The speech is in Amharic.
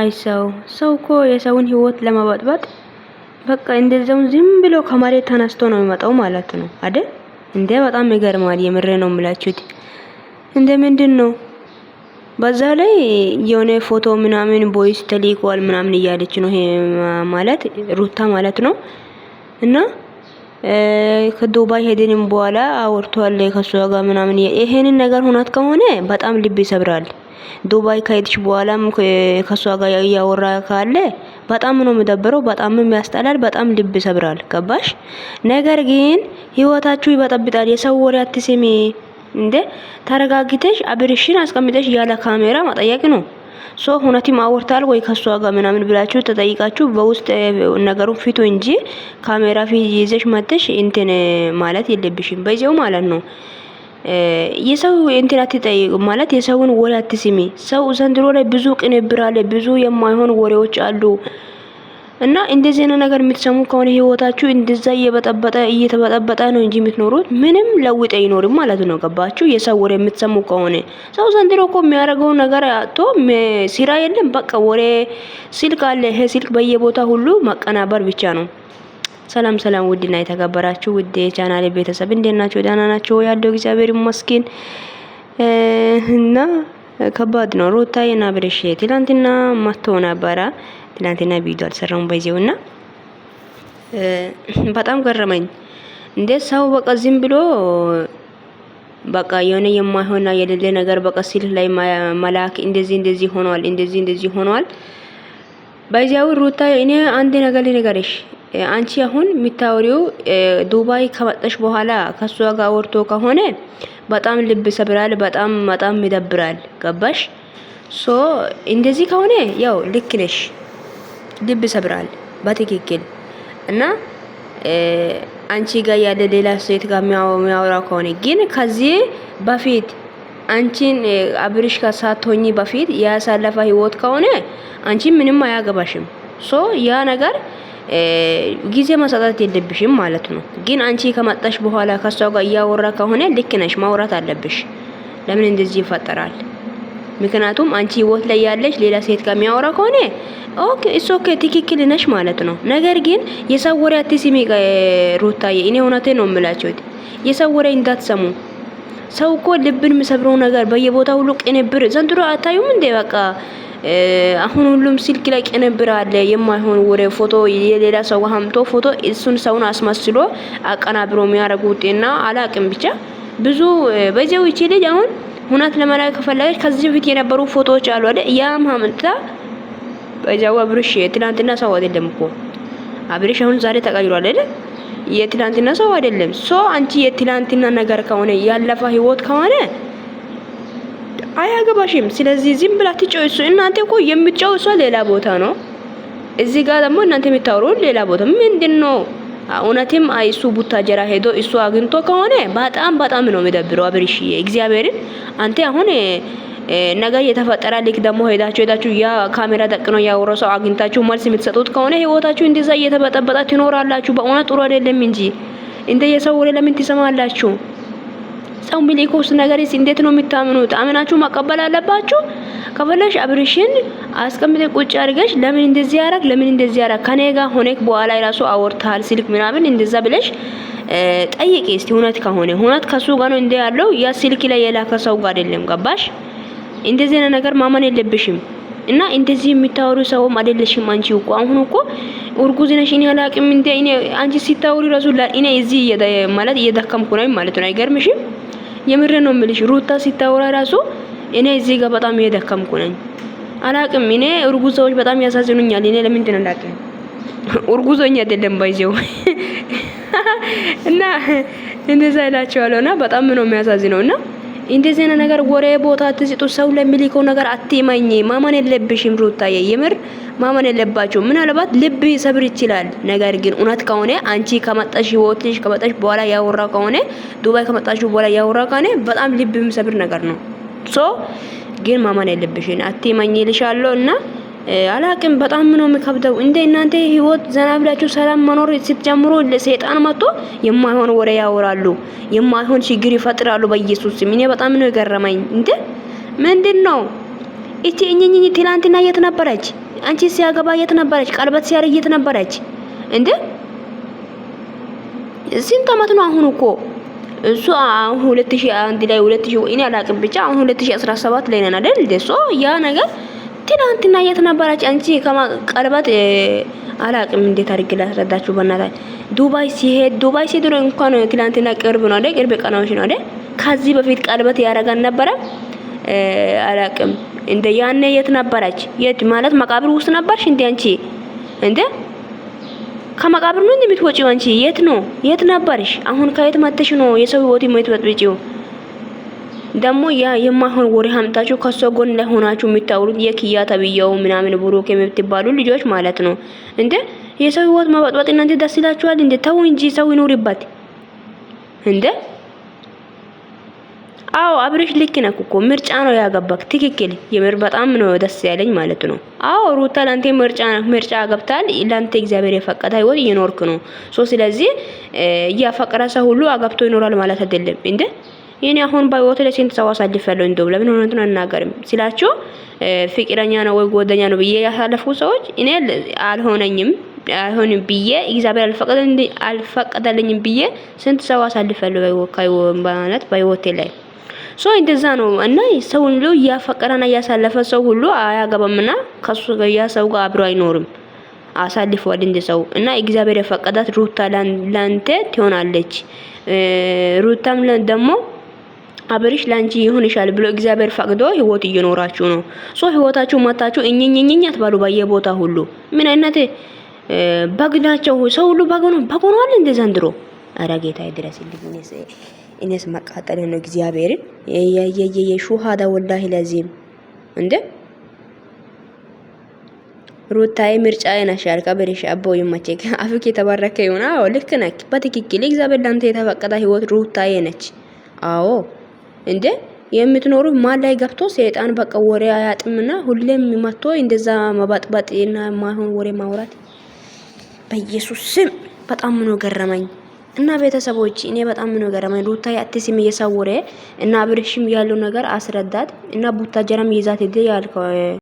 አይ ሰው ሰው እኮ የሰውን ህይወት ለመበጥበጥ በቃ እንደዛውን ዝም ብሎ ከመሬት ተነስቶ ነው የሚመጣው ማለት ነው አይደል? እንዴ በጣም ይገርማል። የምሬ ነው የምላችሁት። እንደ ምንድን ነው በዛ ላይ የሆነ ፎቶ ምናምን ቦይስ ተልኳል ምናምን እያለች ነው። ይሄ ማለት ሩታ ማለት ነው እና ከዱባይ ሄደንም በኋላ አወርቷል ከሷ ጋር ምናምን። ይሄንን ነገር ሁናት ከሆነ በጣም ልብ ይሰብራል። ዱባይ ከሄድሽ በኋላም ከሷ ጋር እያወራ ካለ በጣም ነው የሚደብረው፣ በጣም የሚያስጠላል፣ በጣም ልብ ይሰብራል። ገባሽ? ነገር ግን ህይወታችሁ ይበጠብጣል። የሰው ወሬ አትስሚ እንዴ! ተረጋግተሽ አብርሽን አስቀምጠሽ ያለ ካሜራ ማጠየቅ ነው። ሶ ሁነትም አወርታል ወይ ከሷ ጋር ምናምን ብላችሁ ተጠይቃችሁ በውስጥ ነገሩን ፊቱ እንጂ ካሜራ ፊት ይዘሽ መጥተሽ እንትን ማለት የለብሽም። በዚያው ማለት ነው የሰው እንትን አትጠይቁ ማለት የሰውን ወሬ አትስሚ። ሰው ዘንድሮ ላይ ብዙ ቅንብር አለ፣ ብዙ የማይሆን ወሬዎች አሉ። እና እንደዚህ አይነት ነገር የምትሰሙ ከሆነ ህይወታችሁ እንደዛ እየበጠበጠ እየተበጠበጠ ነው እንጂ የምትኖሩት ምንም ለውጥ አይኖርም ማለት ነው። ገባችሁ? የሰው ወሬ የምትሰሙ ከሆነ ሰው ዘንድሮ እኮ የሚያደርገው ነገር አጥቶ ስራ የለም። በቃ ወሬ ስልክ አለ። ይሄ ስልክ በየቦታ ሁሉ መቀናበር ብቻ ነው። ሰላም ሰላም፣ ውድና የተከበራችሁ ውድ የቻናሌ ቤተሰብ እንዴት ናችሁ? ደህና ናችሁ ያለው እግዚአብሔር ይመስገን። እና ከባድ ነው። ሩታዬና አብርሽ ትላንትና መጥቶ ነበረ። ትላንትና ቪዲዮ አልሰራሁም በዚሁ በጣም ገረመኝ። እንዴ ሰው በቃ ዝም ብሎ በቃ የሆነ የማይሆንና የሌለ ነገር በቃ ሲል ላይ መላክ እንደዚህ እንደዚህ ሆኗል፣ እንደዚህ እንደዚህ ሆኗል። በዚያው ሩታ እኔ አንድ ነገር ልንገርሽ አንቺ አሁን የምታወሪው ዱባይ ከመጣሽ በኋላ ከሷ ጋር ወርቶ ከሆነ በጣም ልብ ሰብራል። በጣም በጣም ይደብራል። ገባሽ? ሶ እንደዚህ ከሆነ ያው ልክ ነሽ። ልብ ሰብራል በትክክል እና አንቺ ጋር ያለ ሌላ ሴት ጋር የሚያወራ ከሆነ ግን ከዚህ በፊት አንቺን አብርሽ ጋር ሳትሆኚ በፊት ያሳለፈ ህይወት ከሆነ አንቺ ምንም አያገባሽም። ሶ ያ ነገር ጊዜ ማሳጣት የለብሽም ማለት ነው። ግን አንቺ ከመጣሽ በኋላ ከሷ ጋር እያወራ ከሆነ ልክ ነሽ፣ ማውራት አለብሽ። ለምን እንደዚህ ይፈጠራል? ምክንያቱም አንቺ ህይወት ላይ ያለሽ ሌላ ሴት ጋር የሚያወራ ከሆነ ኦኬ እሱ ኦኬ ትክክል ነሽ ማለት ነው። ነገር ግን የሰው ወሬ አትስሚ ሩታዬ። እኔ እውነቴ ነው የምላችሁት፣ የሰው ወሬ እንዳትሰሙ። ሰው እኮ ልብን የሚሰብረው ነገር በየቦታው ሁሉ ቅንብር ዘንድሮ አታዩም እንዴ? በቃ አሁን ሁሉም ስልክ ላይ ቅንብር አለ። የማይሆን ወሬ ፎቶ የሌላ ሰው ሀምቶ ፎቶ እሱን ሰውን አስመስሎ አቀናብሮ የሚያደርጉት እና አላቅም ብቻ ብዙ በዚያው ይቺ ልጅ አሁን እውነት ለመናገር ከፈለገች ከዚህ በፊት የነበሩ ፎቶዎች አሉ አይደል? ያም አምጥታ በዚያው አብርሽ ትናንትና ሰው አይደለም እኮ አብርሽ አሁን ዛሬ ተቀይሯል አይደል? የትላንትና ሰው አይደለም። ሶ አንቺ የትላንትና ነገር ከሆነ ያለፈ ህይወት ከሆነ አያገባሽም። ስለዚህ ዝም ብላ ትጨውሱ። እናንተ እኮ የምትጨውሱ ሌላ ቦታ ነው። እዚህ ጋር ደግሞ እናንተ የምታወሩ ሌላ ቦታ ምንድን ነው? እውነትም አይሱ ቡታጀራ ሄዶ እሱ አግኝቶ ከሆነ በጣም በጣም ነው የሚደብረው። አብርሽዬ እግዚአብሔርን አንተ አሁን ነገር የተፈጠረ ልክ ደግሞ ሄዳችሁ ሄዳችሁ ያ ካሜራ ደቅኖ ያወራው ሰው አግኝታችሁ መልስ የምትሰጡት ከሆነ ህይወታችሁ እንደዛ እየተበጠበጠ ትኖራላችሁ። በእውነት ጥሩ አይደለም እንጂ እንደ የሰው ወሬ ለምን ትሰማላችሁ? ሰው ሚሊኮስ ነገርስ እንዴት ነው የምታምኑት? አምናችሁ መቀበል አለባችሁ። ከፈለሽ አብርሽን አስቀምጠ ቁጭ አድርገሽ ለምን እንደዚህ ያረግ ለምን እንደዚህ ያረግ ከኔ ጋር ሆነክ በኋላ የራሱ አወርታል ሲልክ ምናምን እንደዛ ብለሽ ጠይቂ እስቲ። እውነት ከሆነ እውነት ከሱ ጋር ነው እንደ ያለው ያ ስልክ ላይ የላከ ሰው ጋር አይደለም። ገባሽ? እንደዚህ ነገር ማመን የለብሽም። እና እንደዚህ የሚታወሩ ሰውም አይደለሽም። አንቺ እኮ አሁን እኮ እርጉዝ ነሽ። እኔ አላቅም እንደ እኔ አንቺ ሲታወሩ ራሱ እኔ እዚህ ማለት እየደከምኩ ነው ማለት ነው። አይገርምሽም? የምር ነው የምልሽ። ሩታ ሲታወራ ራሱ እኔ እዚህ ጋር በጣም እየደከምኩ ነኝ። አላቅም። እኔ እርጉዝ ሰዎች በጣም ያሳዝኑኛል። እኔ ለምንድን አላቅም እርጉዝ ሆኜ አይደለም ባይዘው እና እንደዛ ይላቸዋለሁ እና በጣም ነው የሚያሳዝነውና እንደዚህ አይነት ነገር ወሬ ቦታ አትስጡ። ሰው ለሚልከው ነገር አትመኝ። ማመን የለብሽም ሩታዬ፣ የምር ማመን የለባቸው። ምናልባት ልብ ሰብር ይችላል። ነገር ግን እውነት ከሆነ አንቺ ከመጣሽ ህይወትሽ ከመጣሽ በኋላ ያወራ ከሆነ ዱባይ ከመጣሽ በኋላ ያወራ ከሆነ በጣም ልብ የሚሰብር ነገር ነው። ሶ ግን ማመን የለብሽን አትመኝ ይልሻለሁ እና አላቅም። በጣም ነው የሚከብደው። እንደ እናንተ ህይወት ዘና ብላችሁ ሰላም መኖር ስትጀምሩ ሰይጣን መጥቶ የማይሆን ወሬ ያወራሉ፣ የማይሆን ችግር ይፈጥራሉ። በኢየሱስ ስም እኔ በጣም ነው የገረመኝ። እንዴ ምንድን ነው እቺ እኝኝኝ? ትላንትና የት ነበረች? አንቺ ሲያገባ የት ነበረች? ቀልበት ሲያደርግ የት ነበረች? እንዴ ስንት ዓመት ነው አሁን እኮ እሱ አሁን 2001 ላይ 2000 እኔ አላቅም ብቻ አሁን 2017 ላይ ነን አይደል? ያ ነገር ትናንትና የት ነበራች አንቺ? ከማቀርባት አላቅም። እንዴት አድርጌ ላስረዳችሁ? በእናታ ዱባይ ሲሄድ ዱባይ ሲሄድ ነው እንኳን ትናንትና ቅርብ ነው አይደል? ቅርብ ቀናዎች ነው አይደል? ከዚህ በፊት ቀለበት ያደረጋን ነበረ። አላቅም እንደ ያኔ የት ነበረች? የት ማለት መቃብር ውስጥ ነበርሽ እንዴ አንቺ? እንዴ ከመቃብር ነው የምትወጪው አንቺ? የት ነው የት ነበርሽ? አሁን ከየት መተሽ ነው የሰው ህይወት የምትበጥብጪው? ደግሞ ያ የማይሆን ወሬ ሀምታችሁ ከሷ ጎን ላይ ሆናችሁ የምታወሩት የክያ ተብየው ምናምን ብሩክ የምትባሉ ልጆች ማለት ነው። እንደ የሰው ህይወት መበጥበጥ እናንተ ደስ ይላችኋል? እንደ ተው እንጂ ሰው ይኖርበት እንደ አዎ አብሬሽ ልክ ነህ እኮ ምርጫ ነው ያገባክ። ትክክል የምር በጣም ነው ደስ ያለኝ ማለት ነው። አዎ ሩታ ላንተ ምርጫ ምርጫ አገብታል። ላንተ እግዚአብሔር የፈቀደ ህይወት እየኖርክ ነው። ሶ ስለዚህ ያፈቀረ ሰው ሁሉ አገብቶ ይኖራል ማለት አይደለም እንዴ የኔ አሁን ባይወት ለስንት ሰው አሳልፌያለሁ እንደው ለምን ሆነ እንትን አናገርም ሲላችሁ ፍቅረኛ ነው ወይ ጓደኛ ነው ብዬ ያሳለፉ ሰዎች እኔ አልሆነኝም አይሆንም ብዬ እግዚአብሔር አልፈቀደልኝም ብዬ ስንት ሰው አሳልፈለሁ በወካይ ማለት በህይወቴ ላይ ሶ እንደዛ ነው። እና ሰው ሁሉ እያፈቀረና እያሳለፈ ሰው ሁሉ አያገባምና ከሱ ጋር ያ ሰው ጋር አብሮ አይኖርም። አሳልፈዋል እንደ ሰው እና እግዚአብሔር የፈቀዳት ሩታ ላንተ ትሆናለች። ሩታም ደግሞ አብርሽ ላንቺ ይሆንሻል ብሎ እግዚአብሔር ፈቅዶ ህይወት እየኖራችሁ ነው። ሶ ህይወታችሁ መታችሁ እኝኝኝኝ አትባሉ። ቦታ ሁሉ ምን አይነት በግ ናቸው? ሰው ሁሉ በግ ነው በግ ሆኗል እንደ ዘንድሮ። ኧረ ጌታ ይድረስልኝ። እኔስ እኔስ መቃጠል ነው እግዚአብሔርን የየየ ሹሃዳ ወላሂ ለዚህም እንደ ሩታዬ ምርጫዬ ነሽ ያልክ አብርሽ አቦ ይመችክ። አፍክ የተባረከ ይሁን። አዎ ልክ ነህ በትክክል። እግዚአብሔር ላንተ የተፈቀደ ህይወት ሩታዬ ነች። አዎ እንደ የምትኖሩ ማን ላይ ገብቶ ሰይጣን በቃ ወሬ አያጥምና ሁሌም መጥቶ እንደዛ መባጥባጥ እና የማይሆን ወሬ ማውራት በኢየሱስ ስም በጣም ነው ገረመኝ። እና ቤተሰቦች እኔ በጣም ነው ገረመኝ። ሩታ ያትስ የሚየሳው እና አብርሽም ያለው ነገር አስረዳት እና ቡታ ጀራም ይዛት ይል ያልከው